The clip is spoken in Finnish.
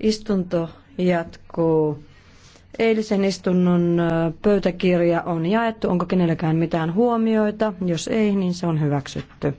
Istunto jatkuu. Eilisen istunnon pöytäkirja on jaettu. Onko kenelläkään mitään huomioita? Jos ei, niin se on hyväksytty.